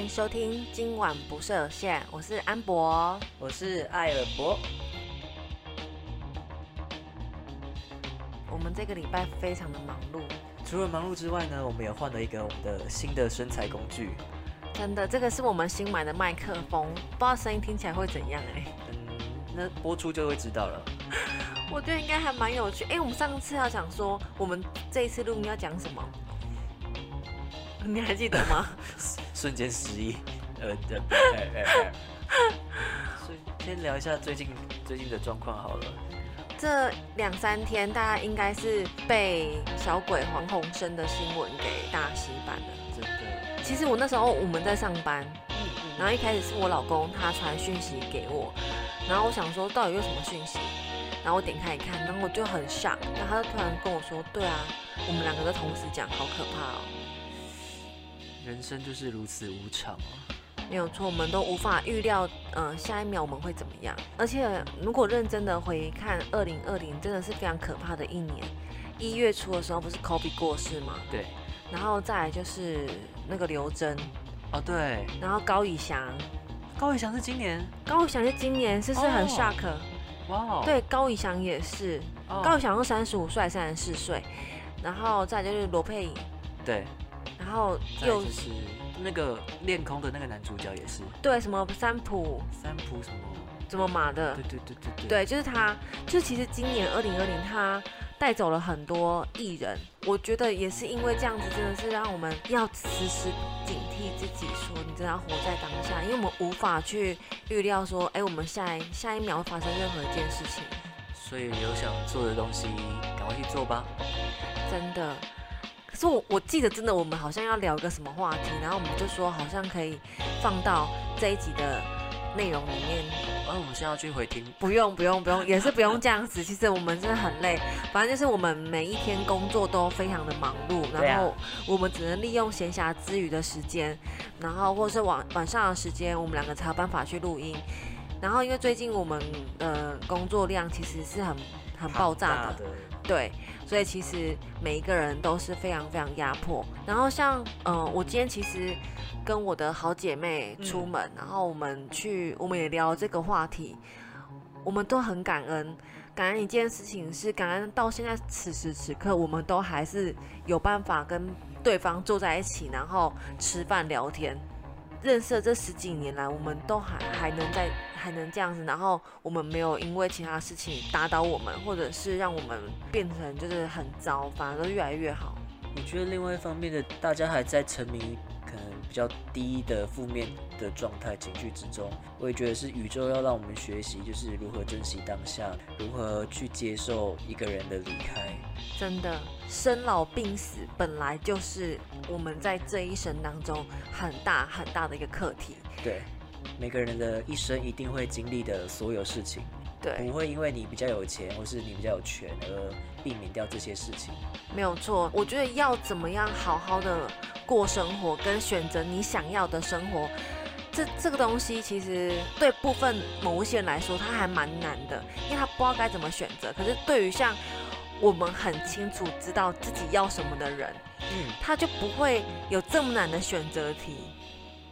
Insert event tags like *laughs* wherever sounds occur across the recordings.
歡迎收聽今晚不設限，我是安博，我是艾爾博。我們這個禮拜非常的忙碌，除了忙碌之外呢，我們也換了一個我們的新的身材工具。真的，這個是我們新買的麥克風，不知道聲音聽起來會怎樣哎、欸嗯。那播出就會知道了。 *laughs* 我覺得應該還蠻有趣。哎、欸，我們上次要講說，我們這一次錄音要講什麼？你還記得嗎？ *laughs* 瞬間失憶，呃，呃，對、呃呃、 *laughs* 先聊一下最近最近的狀況好了。這兩三天大家應該是被小鬼黃鴻升的新聞給大洗版了。真的。其實我那時候我們在上班，嗯嗯，然後一開始是我老公他傳訊息給我，然後我想說到底有什麼訊息，然後我點開一看，然後我就很傻，然後他就突然跟我說：“對啊，我們兩個都同時講，好可怕哦。”人生就是如此無常、啊、沒有錯，我們都無法預料，嗯、呃，下一秒我們會怎麼樣？而且如果認真的回看，二零二零真的是非常可怕的一年。一月初的時候不是 Kobe 過世嗎？對。然後再來就是那個劉真，哦對，然後高以翔，高以翔是今年，高以翔是今年，是不是很 shock？哇。對，高以翔也是，oh. 高以翔是三十五歲，還是三十四歲，然後再就是羅佩穎，對。然後又是那個戀空的那個男主角也是，對，什麼三浦，三浦什麼，什麼馬的？對，對對對對對，對就是他，就其實今年二零二零他帶走了很多藝人，我覺得也是因為這樣子，真的是讓我們要時時警惕自己，說你真的要活在當下，因為我們無法去預料說，哎，我們下一下一秒會發生任何一件事情。所以有想做的東西，趕快去做吧。真的。是我我記得真的，我們好像要聊個什麼話題，然後我們就說好像可以放到這一集的內容裡面。而、哦、我現在要去回聽。不用不用不用，也是不用這樣子。 *laughs* 其實我們真的很累，反正就是我們每一天工作都非常的忙碌，啊、然後我們只能利用閒暇之餘的時間，然後或者是晚晚上的時間，我們兩個才有辦法去錄音。然後因為最近我們的、呃、工作量其實是很很爆炸的，的對。所以其實每一個人都是非常非常壓迫。然後像嗯、呃，我今天其實跟我的好姐妹出門，嗯、然後我們去，我們也聊這個話題，我們都很感恩，感恩一件事情是感恩到現在此時此刻，我們都還是有辦法跟對方坐在一起，然後吃飯聊天。認識這十幾年來，我們都還還能在還能這樣子，然後我們沒有因為其他事情打倒我們，或者是讓我們變成就是很糟，反而都越來越好。我覺得另外一方面的，大家還在沉迷可能比較低的負面的狀態、情緒之中，我也覺得是宇宙要讓我們學習，就是如何珍惜當下，如何去接受一個人的離開。真的，生老病死本來就是我們在這一生當中很大很大的一個課題。對，每個人的一生一定會經歷的所有事情。對，不會因為你比較有錢或是你比較有權而避免掉這些事情。沒有錯，我覺得要怎麼樣好好的過生活，跟選擇你想要的生活。這這個東西其實對部分某些人來說，他還蠻難的，因為他不知道該怎麼選擇。可是對於像我們很清楚知道自己要什麼的人，嗯，他就不會有這麼難的選擇題。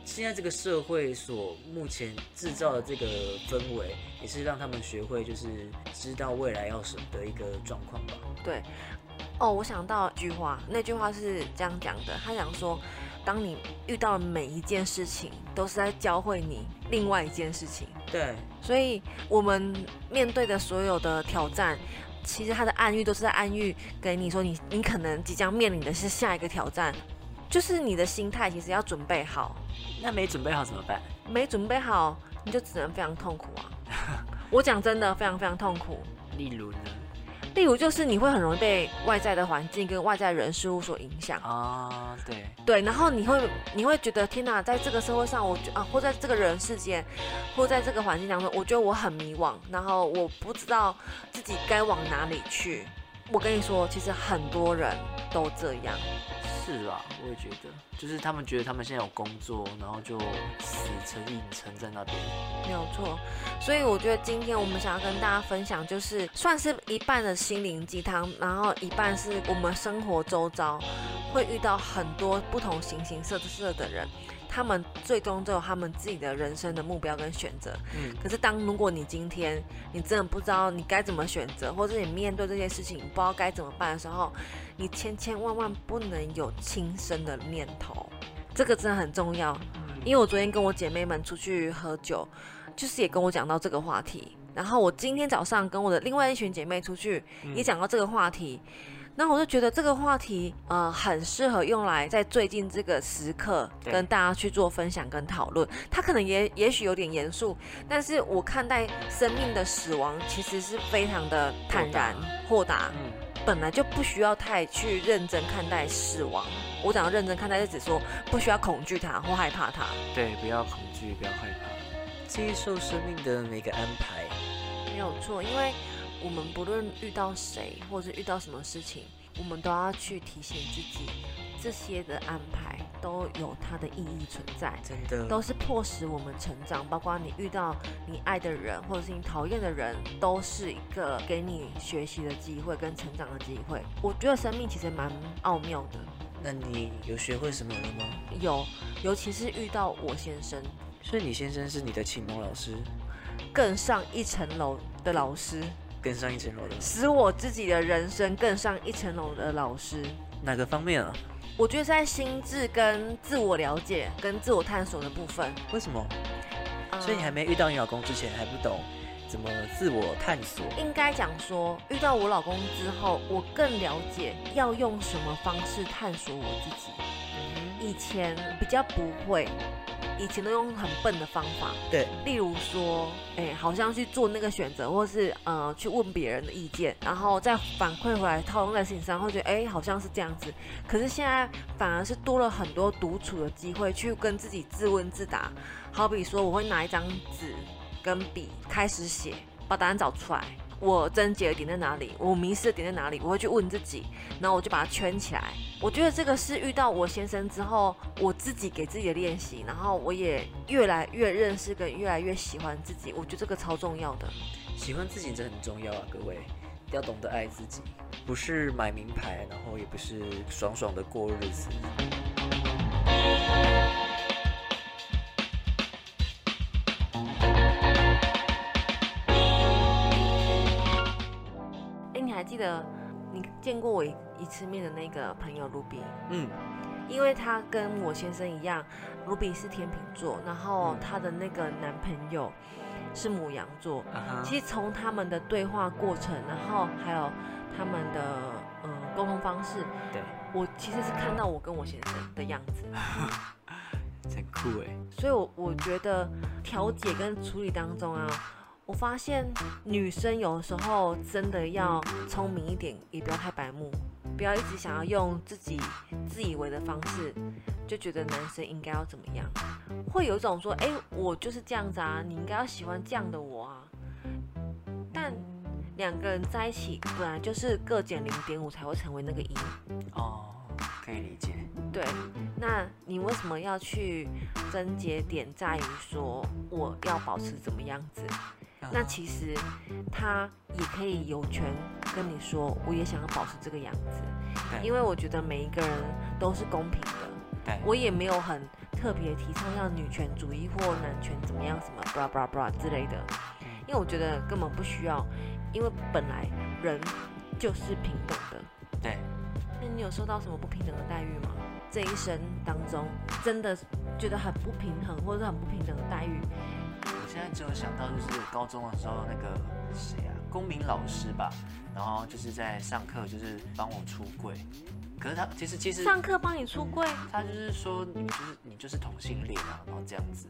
現在這個社會所目前製造的這個氛圍，也是讓他們學會就是知道未來要什麼的一個狀況吧？對。哦，我想到一句話，那句話是這樣講的，他想說。當你遇到每一件事情，都是在教會你另外一件事情。對，所以我們面對的所有的挑戰，其實他的暗喻，都是在暗喻給你說你，你你可能即將面臨的是下一個挑戰，就是你的心態其實要準備好。那沒準備好怎麼辦？沒準備好，你就只能非常痛苦啊！ *laughs* 我講真的，非常非常痛苦。例如呢？例如，就是你會很容易被外在的環境跟外在人事物所影響，啊，對對，然後你會你會覺得天哪，在這個社會上我覺，我啊，或在這個人世間，或在這個環境當中，我覺得我很迷惘，然後我不知道自己該往哪裡去。我跟你說，其實很多人都這樣。是啊，我也覺得，就是他們覺得他們現在有工作，然後就死撐硬撐在那邊。沒有錯，所以我覺得今天我們想要跟大家分享，就是算是一半的心靈雞湯，然後一半是我們生活周遭會遇到很多不同形形色色的人。他們最終都有他們自己的人生的目標跟選擇。可是當如果你今天你真的不知道你該怎麼選擇，或者你面對這些事情你不知道該怎麼辦的時候，你千千萬萬不能有輕生的念頭。這個真的很重要，因為我昨天跟我姐妹們出去喝酒，就是也跟我講到這個話題。然後我今天早上跟我的另外一群姐妹出去，也講到這個話題。那我就覺得這個話題，呃，很適合用來在最近這個時刻跟大家去做分享跟討論。對它可能也也許有點嚴肅，但是我看待生命的死亡其實是非常的坦然豁達，本來就不需要太去認真看待死亡。我想要認真看待，就只說不需要恐懼它或害怕它。對，不要恐懼，不要害怕，接受生命的每個安排。沒有錯，因為，我們不論遇到誰，或者是遇到什麼事情，我們都要去提醒自己，這些的安排都有它的意義存在，真的都是迫使我們成長。包括你遇到你愛的人，或者是你討厭的人，都是一個給你學習的機會跟成長的機會。我覺得生命其實蠻奧妙的。那你有學會什麼了嗎？有，尤其是遇到我先生，所以你先生是你的啟蒙老師，嗯、更上一層樓的老師。嗯更上一層樓的，使我自己的人生更上一層樓的老師，哪個方面啊？我覺得是在心智跟自我了解、跟自我探索的部分。為什麼？所以你還沒遇到你老公之前，um, 還不懂怎麼自我探索？應該講說，遇到我老公之後，我更了解要用什麼方式探索我自己。以前比較不會。以前都用很笨的方法，對，例如說，哎，好像去做那個選擇，或是呃，去問別人的意見，然後再反饋回來套用在事情上，會覺得哎，好像是這樣子。可是現在反而是多了很多獨處的機會，去跟自己自問自答。好比說，我會拿一張紙跟筆開始寫，把答案找出來。我糾結的點在哪裡？我迷失的點在哪裡？我會去問自己，然後我就把它圈起來。我覺得這個是遇到我先生之後，我自己給自己的練習。然後我也越來越認識跟越來越喜歡自己。我覺得這個超重要的，喜歡自己這很重要啊，各位，要懂得愛自己，不是買名牌，然後也不是爽爽的過日子。記得你見過我一次面的那個朋友 Ruby，嗯，因為他跟我先生一樣，Ruby 是天秤座，然後他的那個男朋友是牡羊座。啊、哈其實從他們的對話過程，然後還有他們的、呃、溝通方式，對我其實是看到我跟我先生的樣子，很 *laughs* 酷耶所以我，我我覺得調解跟處理當中啊。我發現女生有時候真的要聰明一點，也不要太白目，不要一直想要用自己自以為的方式，就覺得男生應該要怎麼樣，會有一種說：“哎，我就是這樣子啊，你應該要喜歡這樣的我啊。”但兩個人在一起，本來就是各減零點五才會成為那個一。哦，可以理解。對，那你為什麼要去分解點在於說我要保持怎麼樣子？那其實，他也可以有權跟你說，我也想要保持這個樣子。因為我覺得每一個人都是公平的。對，我也沒有很特別提倡像女權主義或男權怎麼樣什麼，blah blah blah 之類的。因為我覺得根本不需要，因為本來人就是平等的。對，那你有受到什麼不平等的待遇嗎？這一生當中，真的覺得很不平衡，或者是很不平等的待遇？現在只有想到就是高中的時候，那個誰啊，公民老師吧，然後就是在上課，就是幫我出櫃，可是他其實其實上課幫你出櫃，他就是說你就是你就是同性戀啊，然後這樣子，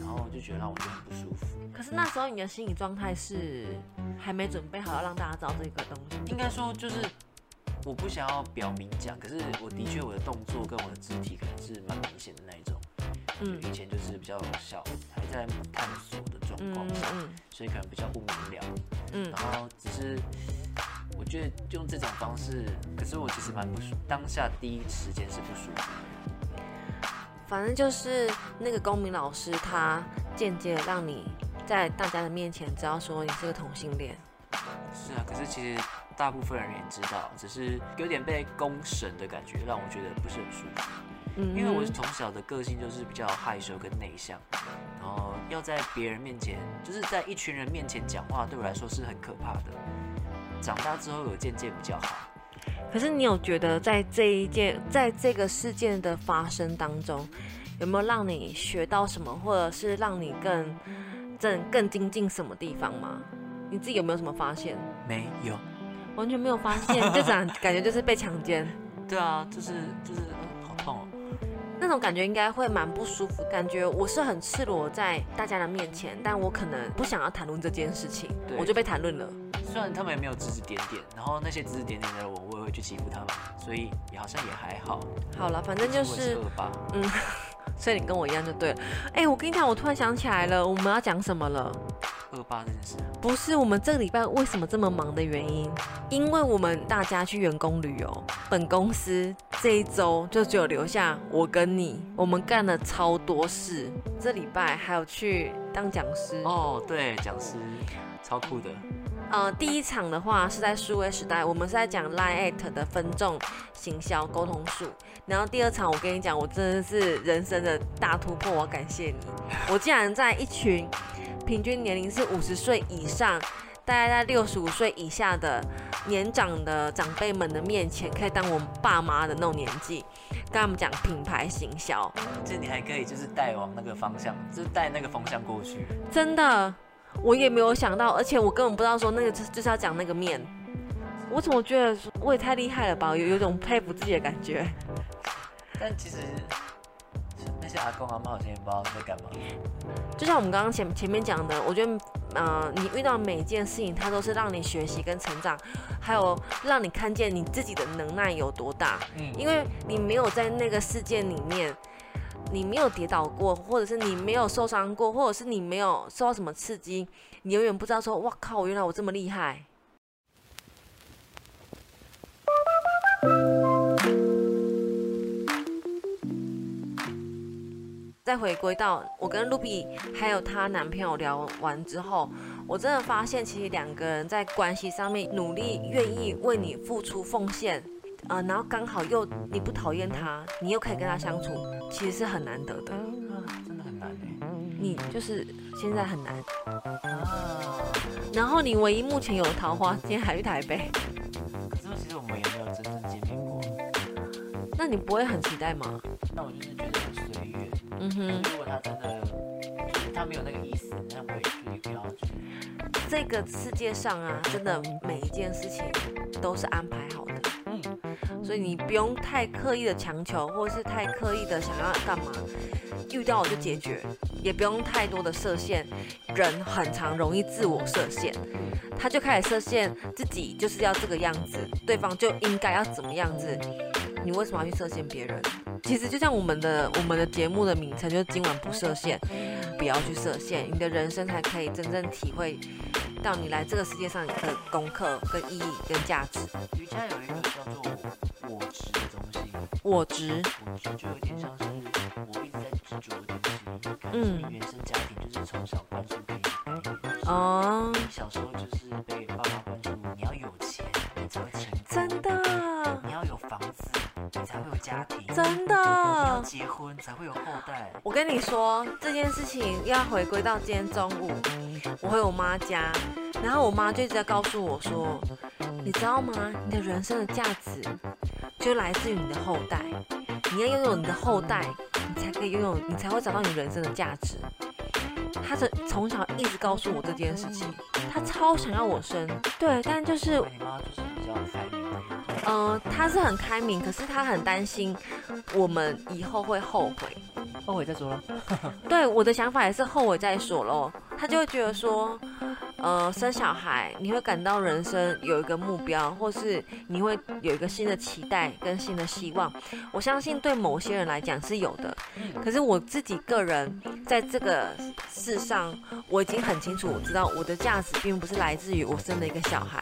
然後就覺得讓我就很不舒服。可是那時候你的心理狀態是還沒準備好要讓大家知道這個東西，應該說就是我不想要表明講，可是我的確我的動作跟我的肢體可能是蠻明顯的那一種。以前就是比較小，還在探索的狀況，嗯嗯、所以可能比較不明了。嗯、然後只是，我覺得用這種方式，可是我其實蠻不舒服，當下第一時間是不舒服的。反正就是那個公民老師，他間接讓你在大家的面前，知道說你是個同性戀。是啊，可是其實大部分人也知道，只是有點被公審的感覺，讓我覺得不是很舒服。因為我從小的個性就是比較害羞跟內向，然後要在別人面前，就是在一群人面前講話，對我來說是很可怕的。長大之後有漸漸比較好。可是你有覺得在這一件，在這個事件的發生當中，有沒有讓你學到什麼，或者是讓你更正更精進什麼地方嗎？你自己有沒有什麼發現？沒有，完全沒有發現， *laughs* 就感感覺就是被強姦。對啊，就是就是嗯、呃，好痛哦、啊。這種感覺應該會蠻不舒服，感覺我是很赤裸在大家的面前，但我可能不想要談論這件事情，對我就被談論了。雖然他們也沒有指指點點，然後那些指指點點的我，我也會去欺負他們，所以也好像也還好。好了，嗯、反正就是，惡霸。嗯，所以你跟我一樣就對了。哎、欸，我跟你講，我突然想起來了，嗯、我們要講什麼了？惡霸這件事不是我們這個禮拜為什麼這麼忙的原因，因為我們大家去員工旅遊，本公司。這一週就只有留下我跟你，我們幹了超多事。這禮拜還有去當講師。哦，對，講師，超酷的。呃，第一場的話是在數位時代，我們是在講 Line at 的分眾行銷溝通術。然後第二場，我跟你講，我真的是人生的大突破，我感謝你。我竟然，在一群平均年齡是五十歲以上，大概在六十五歲以下的年長的長輩們的面前，可以當我們爸媽的那種年紀，跟他們講品牌行銷，其實你還可以就是帶往那個方向，就帶那個風向過去。真的，我也沒有想到，而且我根本不知道說那個就是要講那個面。我怎麼覺得我也太厲害了吧？有有種佩服自己的感覺。但其實那些阿公阿媽，好像也不知道在幹嘛。就像我們剛剛前前面講的，我覺得。嗯、呃，你遇到每件事情，它都是讓你學習跟成長，還有讓你看見你自己的能耐有多大。嗯，因為你沒有在那個世界裡面，你沒有跌倒過，或者是你沒有受傷過，或者是你沒有受到什麼刺激，你永遠不知道說，哇靠，原來我這麼厲害。再回歸到我跟露比還有她男朋友聊完之後，我真的發現其實兩個人在關係上面努力、願意為你付出、奉獻，呃，然後剛好又你不討厭他，你又可以跟他相處，其實是很難得的，真的很難。你就是現在很難。然後你唯一目前有桃花，今天還去台北。可是其實我們也沒有真正見面過，那你不會很期待嗎？那我就是覺得。嗯哼，如果他真的，就是、他沒有那個意思，那會你不要去。這個世界上啊，真的每一件事情都是安排好的，嗯，所以你不用太刻意的強求，或者是太刻意的想要幹嘛，遇到我就解決，也不用太多的設限。人很常容易自我設限，他就開始設限，自己就是要這個樣子，對方就應該要怎麼樣子，你為什麼要去設限別人？其實就像我們的我們的節目的名稱，就是今晚不設限，不要去設限，你的人生才可以真正體會到你來這個世界上的功課跟意義跟價值。瑜伽有一個叫做我執的東西。我執。我執就有點像是我一直在執着的東西。嗯。原生家庭就是從小關注別人。哦、嗯。小時候就是被爸媽。家庭真的要結婚才會有後代。我跟你說這件事情，要回歸到今天中午，我回我媽家，然後我媽就一直在告訴我說，你知道嗎？你的人生的價值就來自於你的後代，你要擁有你的後代，你才可以擁有，你才會找到你人生的價值。他從從小一直告訴我這件事情，他超想要我生。對，但就是嗯、呃，他是很開明，可是他很擔心我們以後會後悔，後悔再說了。 *laughs* 對，我的想法也是後悔再說咯。他就會覺得說，呃，生小孩你會感到人生有一個目標，或是你會有一個新的期待跟新的希望。我相信對某些人來講是有的，可是我自己個人在這個世上，我已經很清楚，我知道我的價值並不是來自於我生了一個小孩。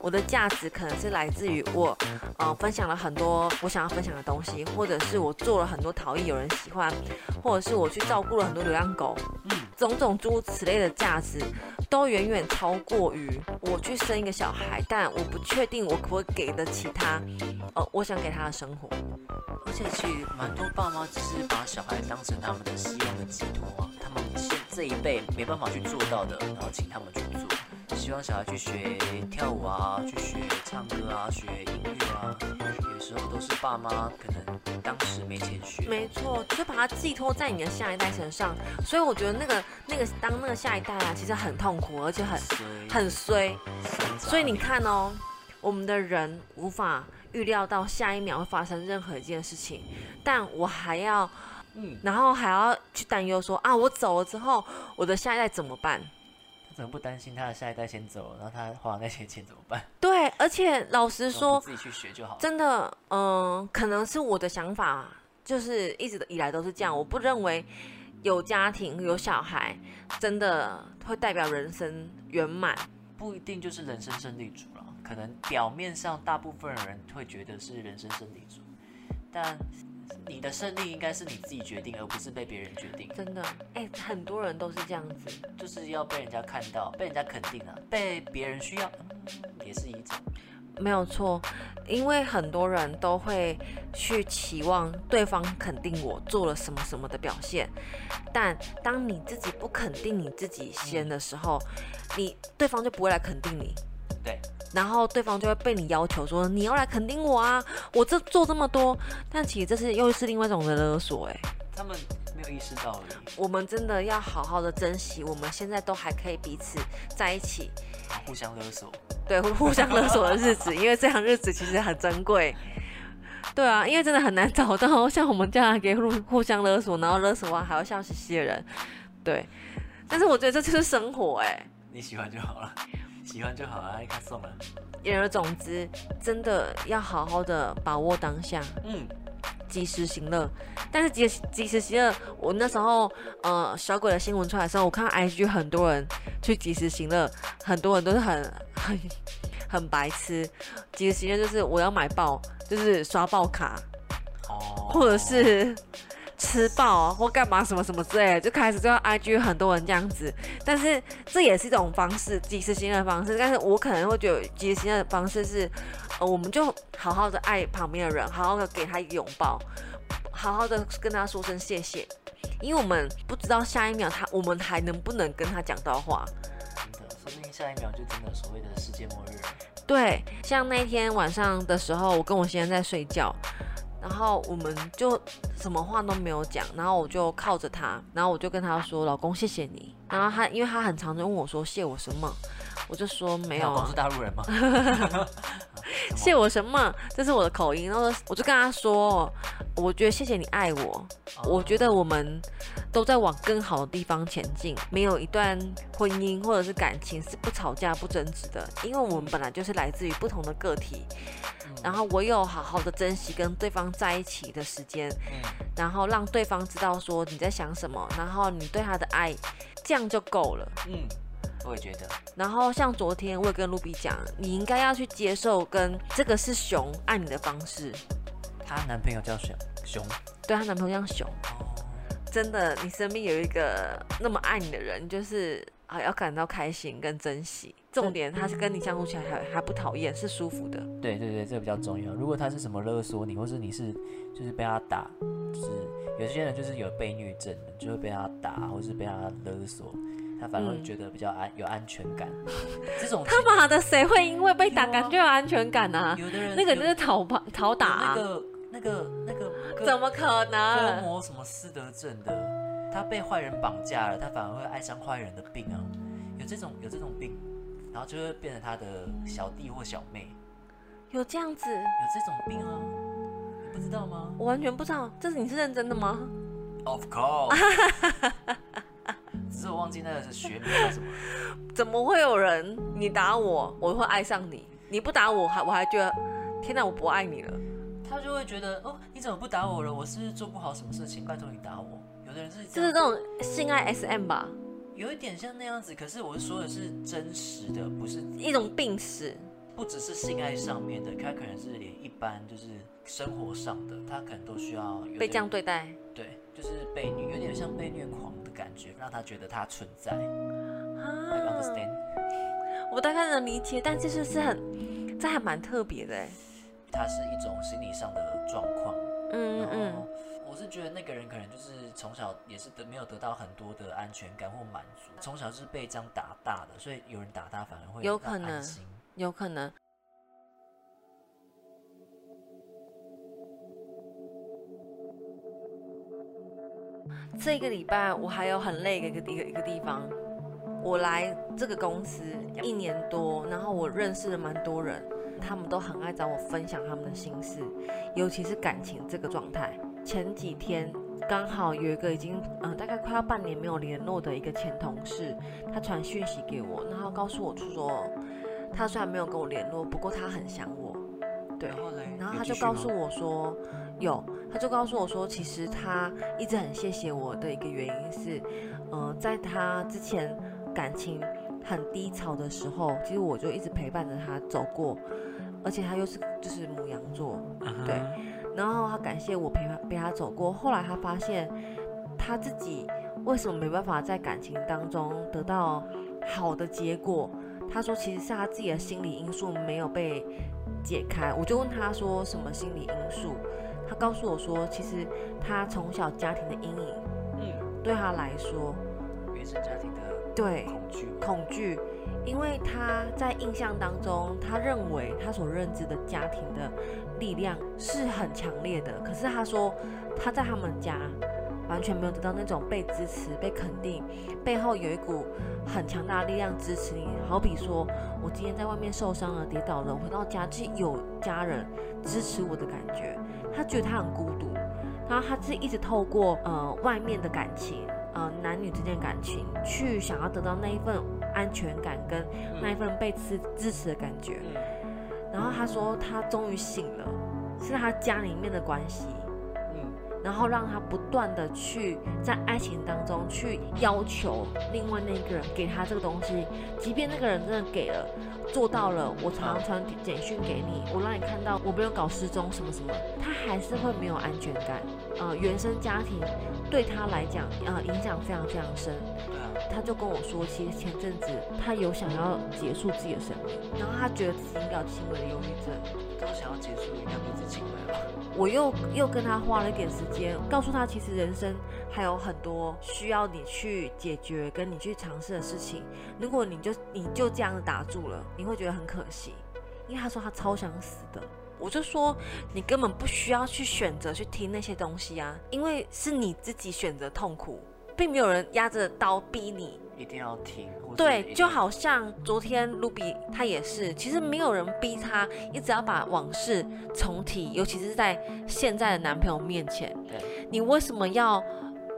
我的價值可能是來自於我，呃，分享了很多我想要分享的東西，或者是我做了很多陶藝有人喜歡，或者是我去照顧了很多流浪狗，嗯，種種諸如此類的價值，都遠遠超過於我去生一個小孩，但我不確定我可不可以給得起他，呃，我想給他的生活，而且其實蠻多爸媽只是把小孩當成他們的希望的寄託，他們是這一輩沒辦法去做到的，然後請他們去做。希望小孩去學跳舞啊，去學唱歌啊，學音樂啊。有時候都是爸媽可能當時沒錢學。沒錯，就把它寄托在你的下一代身上。所以我覺得那個那個當那個下一代啊，其實很痛苦，而且很所以很衰。所以你看哦，我們的人無法預料到下一秒會發生任何一件事情，但我還要嗯，然後還要去擔憂說啊，我走了之後，我的下一代怎麼辦？能不擔心他的下一代先走，然後他花那些錢怎麼辦？對，而且老實說，自己去學就好了。真的，嗯、呃，可能是我的想法，就是一直以來都是這樣。我不認為有家庭有小孩真的會代表人生圓滿，不一定就是人生勝利組了。可能表面上大部分人會覺得是人生勝利組，但。你的勝利應該是你自己決定，而不是被別人決定。真的，誒、欸，很多人都是這樣子，就是要被人家看到，被人家肯定啊，被別人需要、嗯，也是一種。沒有錯，因為很多人都會去期望對方肯定我做了什麼什麼的表現，但當你自己不肯定你自己先的時候，嗯、你對方就不會來肯定你。對。然後對方就會被你要求說，你要來肯定我啊，我這做這麼多，但其實這是又是另外一種的勒索哎、欸。他們沒有意識到我們真的要好好的珍惜我們現在都還可以彼此在一起。互相勒索。對，互相勒索的日子， *laughs* 因為這樣日子其實很珍貴。對啊，因為真的很難找到像我們這樣給互互相勒索，然後勒索完還要笑嘻嘻的人。對，但是我覺得這就是生活哎、欸。你喜歡就好了。喜歡就好啊，愛看送啊。言而總之，真的要好好的把握當下，嗯，及時行樂。但是及時，及時行樂，我那時候，呃，小鬼的新聞出來的時候，我看到 IG 很多人去及時行樂，很多人都是很很很白痴。及時行樂就是我要買爆，就是刷爆卡，哦，或者是。吃爆啊，或幹嘛什麼什麼之類的，就開始就要 IG 很多人這樣子，但是這也是一種方式，即時性的方式。但是我可能會覺得即時性的方式是，呃，我們就好好的愛旁邊的人，好好的給他一個擁抱，好好的跟他說聲謝謝，因為我們不知道下一秒他我們還能不能跟他講到話，嗯。真的，說不定下一秒就真的所謂的世界末日。對，像那天晚上的時候，我跟我先生在睡覺。然後我們就什麼話都沒有講，然後我就靠着他，然後我就跟他說：“老公，謝謝你。”然後他，因為他很常常問我說：“謝我什麼？”我就說沒有、啊，我是大陸人嗎？ *laughs* 謝我什麼？這是我的口音。然後我就跟他說，我覺得謝謝你愛我。哦、我覺得我們都在往更好的地方前進。沒有一段婚姻或者是感情是不吵架不爭執的，因為我們本來就是來自於不同的個體。嗯、然後我有好好的珍惜跟對方在一起的時間，嗯、然後讓對方知道說你在想什麼，然後你對他的愛，這樣就夠了。嗯。我也覺得，然後像昨天我也跟露比講，你應該要去接受跟這個是熊愛你的方式。她男朋友叫熊熊，對，她男朋友叫熊。真的，你身邊有一個那麼愛你的人，就是啊、哦、要感到開心跟珍惜。重點他是跟你相處起來還還不討厭，是舒服的。對對對，這個比較重要。如果他是什麼勒索你，或是你是就是被他打，就是有些人就是有被虐症，就會被他打或是被他勒索。他反而覺得比較安，嗯、有安全感。這種他媽的，誰會因為被打感覺有安全感啊？有，啊有的人那個就是討打有打、啊那個。那個那個那、嗯、個怎麼可能？惡魔什麼失德症的？他被壞人綁架了，他反而會愛上壞人的病啊！有這種有這種病，然後就會變成他的小弟或小妹。有這樣子？有這種病啊？你不知道嗎？我完全不知道，這是你是認真的嗎？Of course God .。 *laughs* 可是我忘記那個是學名叫什麼？ *laughs* 怎麼會有人你打我，我會愛上你；你不打我，還我還覺得天啊，我不愛你了。他就會覺得哦，你怎麼不打我了？我是不是做不好什麼事情，拜託你打我？有的人是就是這種性愛 SM 吧，有一點像那樣子。可是我說的是真實的，不是一種病史。不只是性愛上面的，他可能是連一般就是生活上的，他可能都需要被這樣對待。就是被虐，有點像被虐狂的感覺，讓他覺得他存在、啊、I understand. 我大概能理解，但就是是很，嗯、這還蠻特別的。他是一種心理上的狀況。嗯嗯，我是覺得那個人可能就是從小也是得沒有得到很多的安全感或滿足，從小是被這樣打大的，所以有人打他反而會有點安心。有可能有可能。有可能這個禮拜，我還有很累的一個一個一個，一個地方。我來這個公司一年多，然後我認識了蠻多人，他們都很愛找我分享他們的心事，尤其是感情這個狀態。前幾天剛好有一個已經嗯、呃、大概快要半年沒有聯絡的一個前同事，他傳訊息給我，然後告訴我說，他雖然沒有跟我聯絡，不過他很想我，對。然後他就告訴我說，有。他就告訴我說，其實他一直很謝謝我的一個原因是，嗯、呃，在他之前感情很低潮的時候，其實我就一直陪伴着他走過，而且他又是就是牡羊座，Uh-huh. 對，然後他感謝我陪伴陪他走過。後來他發現他自己為什麼沒辦法在感情當中得到好的結果？他說其實是他自己的心理因素沒有被解開。我就問他說什麼心理因素？他告訴我說，其實他從小家庭的陰影，嗯，對他來說，原生家庭的對恐懼對，恐懼，因為他在印象當中，他認為他所認知的家庭的力量是很強烈的。可是他說他在他們家。完全沒有得到那種被支持、被肯定，背後有一股很強大的力量支持你。好比說我今天在外面受傷了，跌倒了，回到家就有家人支持我的感覺。他覺得他很孤獨，然後他是一直透過呃外面的感情，呃男女之間感情，去想要得到那一份安全感跟那一份被支支持的感覺。然後他說他終於醒了，是他家裡面的關係。然後讓他不斷的去在愛情當中去要求另外那個人給他這個東西，即便那個人真的給了，做到了，我常常傳簡訊給你，我讓你看到我沒有搞失蹤什麼什麼，他還是會沒有安全感。呃，原生家庭對他來講，呃，影響非常非常深。他就跟我說，其實前陣子他有想要結束自己的生命，然後他覺得自己應該有輕微的憂鬱症，都想要結束，應該不是輕微吧。我又又跟他花了一點時間，告訴他，其實人生還有很多需要你去解決、跟你去嘗試的事情。如果你就你就這樣子打住了，你會覺得很可惜。因為他說他超想死的，我就說你根本不需要去選擇去聽那些東西啊，因為是你自己選擇痛苦。並沒有人壓着刀逼你，一定要聽。要聽對，就好像昨天盧比他也是，其實沒有人逼他一直要把往事重提，尤其是在現在的男朋友面前。對，你為什麼要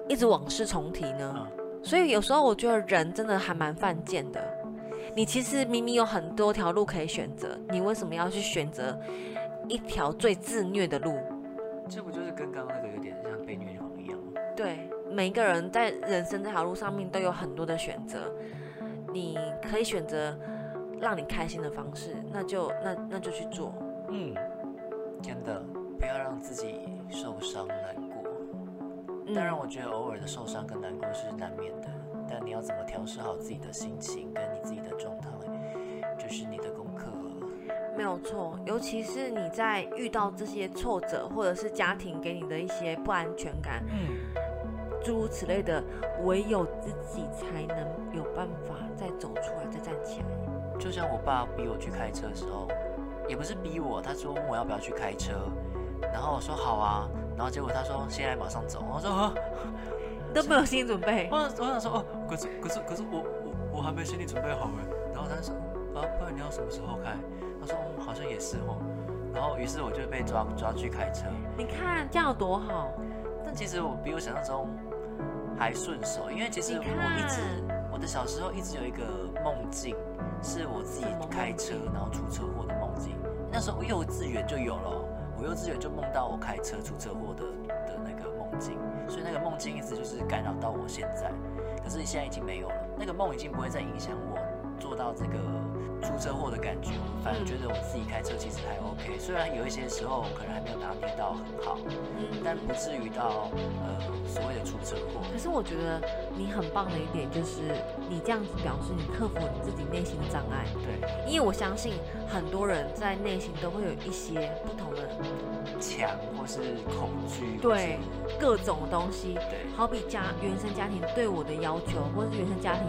一直往事重提呢？嗯，所以有時候我覺得人真的還蠻犯賤的。你其實明明有很多條路可以選擇，你為什麼要去選擇一條最自虐的路？這不就是跟剛剛那個有點像被虐狂一樣嗎？對。每一個人在人生這條路上面都有很多的選擇，你可以選擇讓你開心的方式，那就那那就去做，嗯，真的不要讓自己受傷難過。嗯、當然，我覺得偶爾的受傷跟難過是難免的，但你要怎麼調適好自己的心情跟你自己的狀態，就是你的功課。沒有錯，尤其是你在遇到這些挫折，或者是家庭給你的一些不安全感，嗯。諸如此類的，唯有自己才能有辦法再走出來，再站起來。就像我爸逼我去開車的時候，也不是逼我，他說問我要不要去開車，然後我說好啊，然後結果他說現在馬上走，我說都沒有心理準備，我想、啊、我想說哦、啊，可是可是可是我我我還沒心理準備好哎，然後他說啊，不然你要什麼時候開？他說嗯，好像也是哦。然後於是我就被抓抓去開車。你看這樣有多好？但其實我比我想象中還順手，因為其實我一直看我的小時候一直有一個夢境，是我自己開車然後出車禍的夢境。那時候我幼稚園就有了，我幼稚園就夢到我開車出車禍的的那個夢境，所以那個夢境一直就是干擾到，到我現在。可是現在已經沒有了，那個夢已經不會再影響我做到這個。出車禍的感覺，我反正覺得我自己開車其實還 OK、嗯、雖然有一些時候可能還沒有拿捏到很好，嗯、但不至於到呃所謂的出車禍。可是我覺得你很棒的一點就是，你這樣子表示你克服你自己內心的障礙。對，因為我相信很多人在內心都會有一些不同的牆或是恐懼是，對各種東西，對，好比家原生家庭對我的要求，或是原生家庭。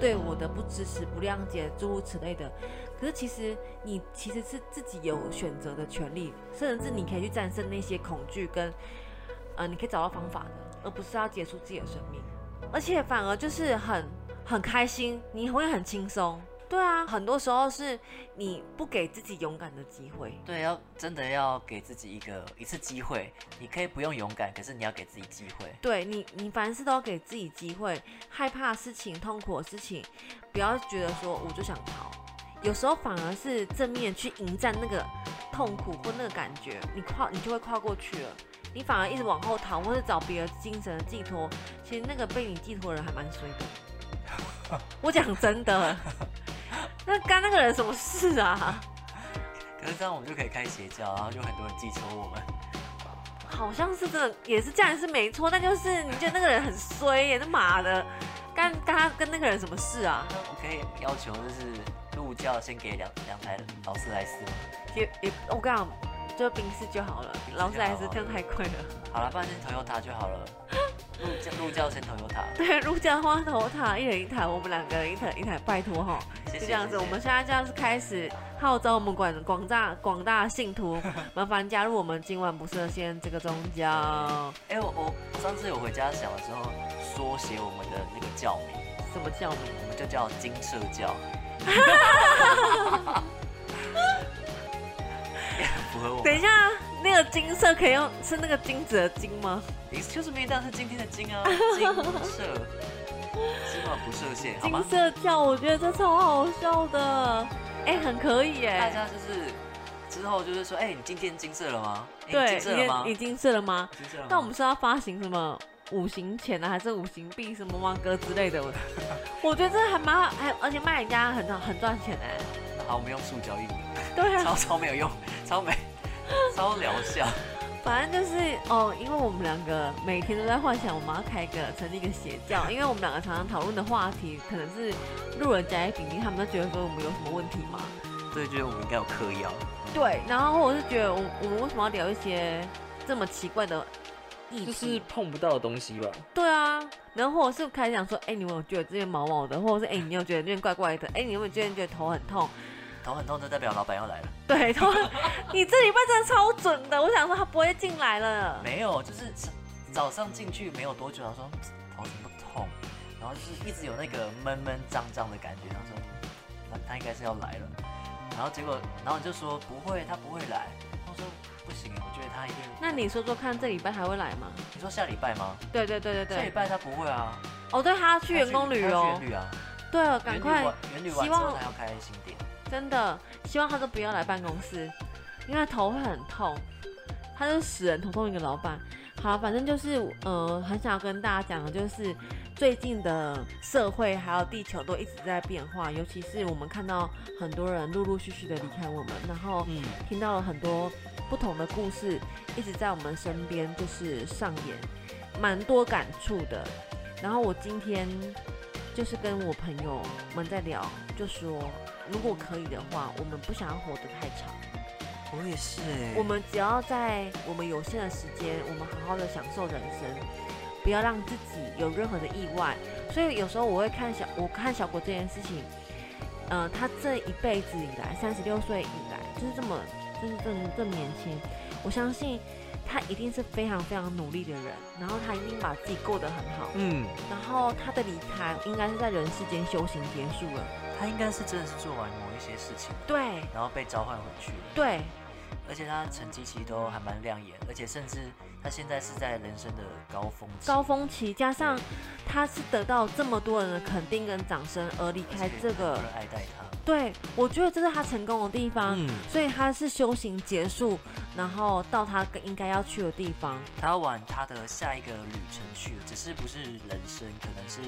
對我的不支持、不諒解，諸如此類的。可是其實你其實是自己有選擇的權利，甚至你可以去戰勝那些恐懼跟，呃，你可以找到方法的，而不是要結束自己的生命。而且反而就是很很開心，你會很輕鬆。對啊，很多時候是你不給自己勇敢的機會。對，要真的要給自己一個一次機會，你可以不用勇敢，可是你要給自己機會。對你，你凡事都要給自己機會，害怕事情、痛苦的事情，不要覺得說我就想逃，有時候反而是正面去迎戰那個痛苦或那個感覺，你跨你就會跨過去了。你反而一直往後逃，或者是找別的精神的寄托，其實那個被你寄托的人還蠻衰的。 *laughs* 我講真的。 *laughs* 那幹那個人什麼事啊？可是這樣我們就可以開邪教，然後就很多人記仇我們。好像是真的，也是這樣也是沒錯，但就是你覺得那個人很衰耶，欸，那媽的，幹他跟那個人什麼事啊？我可以要求就是入教先給兩兩台勞斯萊斯嗎？也也我跟你講，就賓士就好了，勞斯萊斯這樣太貴了。好了，放心 Toyota 就好了。鹿教鹿教先投塔，對，鹿教花頭塔，一人一台，我們兩個人一台一台，拜托哈，謝謝就這樣子。謝謝我們現在這樣子開始號召我們廣廣大廣大信徒，麻煩加入我們今晚不設限這個宗教。哎、 *laughs* 嗯欸，我我上次有回家想的時候，縮寫我們的那個教名，什麼教名？我們就叫金色教。符合 *laughs* *laughs* 我。等一下，那個金色可以用是那個金子的金嗎？就是沒旦是今天的金啊，金色， *laughs* 今晚不設限，好嗎？金色跳，我覺得這超好笑的，哎，很可以耶。大家就是之後就是說，哎，你今天金色了嗎？對，金色了嗎？你金色了嗎？色了嗎金色了。但我們是要發行什麼五行錢呢、啊？還是五行幣？什麼王哥之類的？我覺得這還蠻還，而且賣人家很很賺錢哎、欸。好，我們用塑膠印對、啊，超超沒有用，超沒， *laughs* 超療效。反正就是哦，因為我們兩個每天都在幻想我們要開一個成立一個邪教，因為我們兩個常常討論的話題可能是路人甲乙丙丁，他們都覺得說我們有什麼問題嗎？所以覺得我們應該有嗑藥。對，然後或者是覺得我們我們為什麼要聊一些這麼奇怪的議題，就是碰不到的東西吧？對啊，然後或者是開始想說，哎、欸欸欸，你有沒有覺得這邊毛毛的？或者是哎，你有沒有覺得這邊怪怪的？哎，你有沒有覺得頭很痛？頭很痛，就代表老板要來了對。對，頭很，你這禮拜真的超準的。 *laughs* 我想說他不會進來了。沒有，就是早上進去沒有多久，他說頭很痛，然後就是一直有那個悶悶脹脹的感覺，他說他應該是要來了。然後結果，然後你就說不會，他不會來。他說不行，我覺得他一定。那你說說看，這禮拜還會來嗎？你說下禮拜嗎？對對對對對，下禮拜他不會啊。哦，對，他要去員工旅遊。去,去旅啊。對啊，趕快原。員工旅完之後，他要開新店。真的希望他都不要來辦公室，因為他頭會很痛。他就是死人頭痛一個老闆。好，反正就是呃，很想要跟大家講的就是，最近的社會還有地球都一直在變化，尤其是我們看到很多人陸陸續續的離開我們，然後聽到了很多不同的故事，一直在我們身邊就是上演，蠻多感觸的。然後我今天就是跟我朋友們在聊，就說。如果可以的話，我們不想要活得太長。我也是，哎、嗯。我們只要在我們有限的時間，我們好好的享受人生，不要讓自己有任何的意外。所以有時候我會看小，我看小果這件事情，呃，他這一輩子以來，三十六歲以來，就是這麼，就是這麼，這麼年輕。我相信。他一定是非常非常努力的人，然後他一定把自己過得很好，嗯，然後他的離開應該是在人世間修行結束了，他應該是真的是做完某一些事情，對，然後被召喚回去了，對。而且他成績其實都還蠻亮眼，而且甚至他現在是在人生的高峰期。高峰期加上他是得到這麼多人的肯定跟掌聲，對而離開這個，很多人愛戴他。對，我覺得這是他成功的地方。嗯。所以他是修行結束，然後到他應該要去的地方，他要往他的下一個旅程去了，只是不是人生，可能是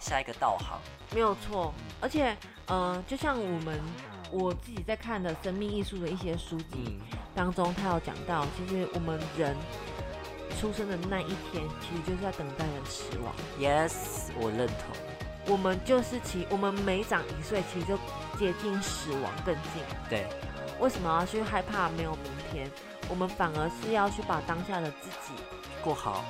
下一個道行。沒有錯，而且嗯、呃，就像我們。我自己在看的生命藝術的一些書籍、嗯、當中，他有講到，其實我們人出生的那一天，其實就是在等待著死亡。Yes，我認同。我們就是其，我們每長一歲，其實就接近死亡更近。對。為什麼要去害怕沒有明天？我們反而是要去把當下的自己過好。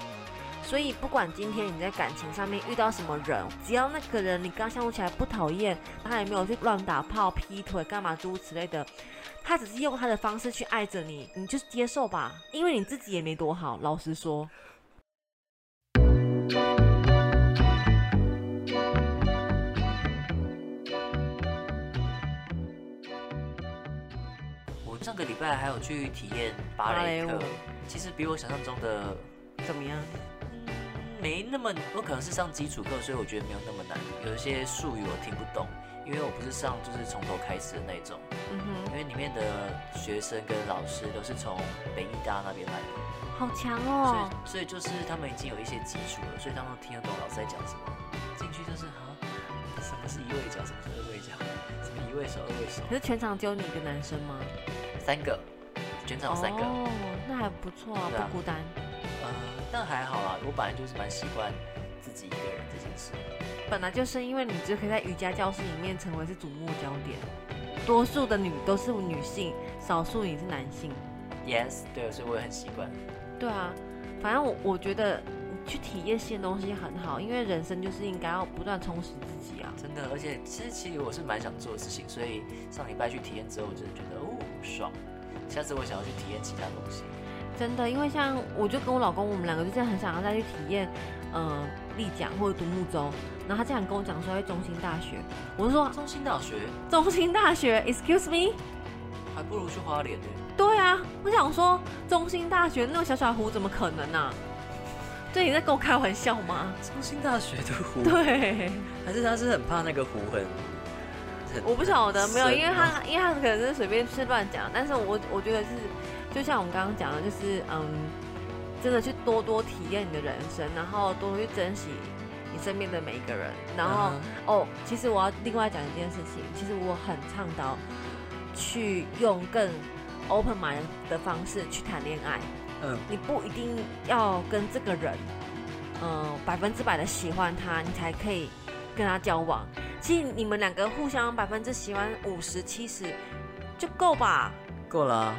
所以不管今天你在感情上面遇到什麼人，只要那個人你剛相處起來不討厭，他也沒有去亂打炮、劈腿幹嘛諸如此類的，他只是用他的方式去愛着你，你就接受吧，因為你自己也沒多好，老實說。我上個禮拜還有去體驗芭，芭蕾舞，其實比我想象中的怎麼樣？沒那麼，我可能是上基礎課，所以我覺得沒有那麼難。有一些術語我聽不懂，因為我不是上就是從頭開始的那種。嗯哼，因為裡面的學生跟老師都是從北藝大那邊來的，好強哦、喔。所以所以就是他們已經有一些基礎了，所以他們都聽得懂老師在講什麼。進去就是啊，什麼是一位腳，什麼是二位腳，什麼一位手，二位手。可是全場只有你一個男生嗎？三個，全場有三個。哦，那還不錯啊，啊不孤單。但還好啦、啊，我本來就是蠻習慣自己一個人這件事。本來就是因為你就可以在瑜伽教室裡面成為是矚目焦點，多數的女都是女性，少數你是男性。Yes，對，所以我也很習慣。對啊，反正我我覺得去體驗新的東西很好，因為人生就是應該要不斷充實自己啊。真的，而且其實其實我是蠻想做的事情，所以上禮拜去體驗之後，我真的覺得哦爽，下次我想要去體驗其他東西。真的，因為像我就跟我老公，我們兩個就真的很想要再去體驗，呃，立槳或者獨木舟。然後他這樣跟我講說，在中興大學，我就說中興大學，中興大學，excuse me，還不如去花蓮呢、欸。對啊，我想說中興大學那個小小湖怎麼可能呢、啊？對，你在跟我開玩笑嗎？中興大學的湖。對。還是他是很怕那個湖很？很我不曉得，啊、沒有，因為他，因為他可能是隨便是亂講，但是我我覺得是。就像我們剛剛講的，就是嗯，真的去多多體驗你的人生，然後多多去珍惜你身邊的每一個人。然後、uh huh. 哦，其實我要另外講一件事情，其實我很倡導去用更 open mind 的方式去談戀愛。嗯、uh huh. 你不一定要跟這個人嗯百分之百的喜歡他，你才可以跟他交往。其實你們兩個互相百分之喜歡五十、七十就夠吧？夠了、啊。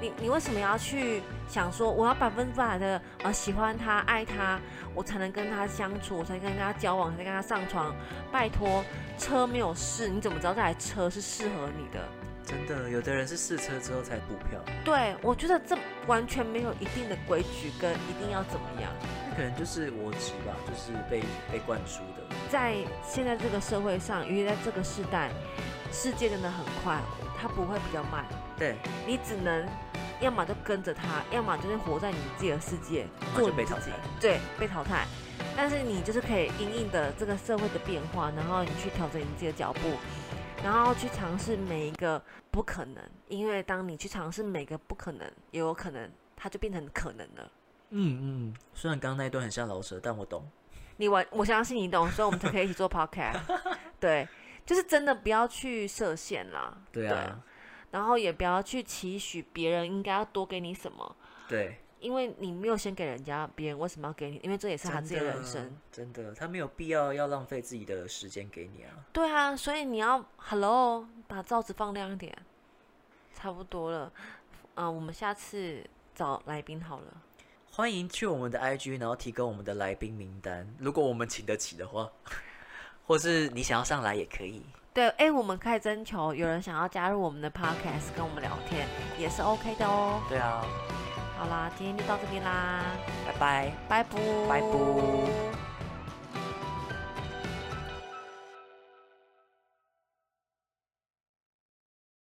你你為什麼要去想說，我要百分之百的呃喜歡他愛他，我才能跟他相處，我才能跟他交往，才能跟他上床？拜托，車沒有試，你怎麼知道這台車是適合你的？真的，有的人是試車之後才補票。對，我覺得這完全沒有一定的規矩跟一定要怎麼樣。那可能就是我值吧，就是被被灌輸的。在現在這個社會上，因為在這個時代，世界真的很快，它不會比較慢。對，你只能。要麼就跟着他，要麼就是活在你自己的世界，就是被淘汰，對，被淘汰。但是你就是可以因應的這個社會的變化，然後你去調整你自己的腳步，然後去嘗試每一個不可能。因為當你去嘗試每個不可能，也有可能，它就變成可能了。嗯嗯，雖然剛剛那一段很像老師，但我懂。你完，我相信你懂，所以我們就可以一起做 podcast。對，就是真的不要去設限啦。對啊。對然後也不要去期許別人應該要多給你什麼，對，因為你沒有先給人家，別人為什麼要給你？因為這也是他自己的人生真的、啊，真的，他沒有必要要浪費自己的時間給你啊。對啊，所以你要 Hello，把罩子放亮一點，差不多了。嗯、呃，我們下次找來賓好了。歡迎去我們的 IG，然後提供我們的來賓名單，如果我們請得起的話，或是你想要上來也可以。 *laughs* 對，哎、欸，我們可以徵求有人想要加入我們的 podcast，跟我們聊天，也是 OK 的哦。對啊。好啦，今天就到這邊啦，拜拜，拜不，拜不。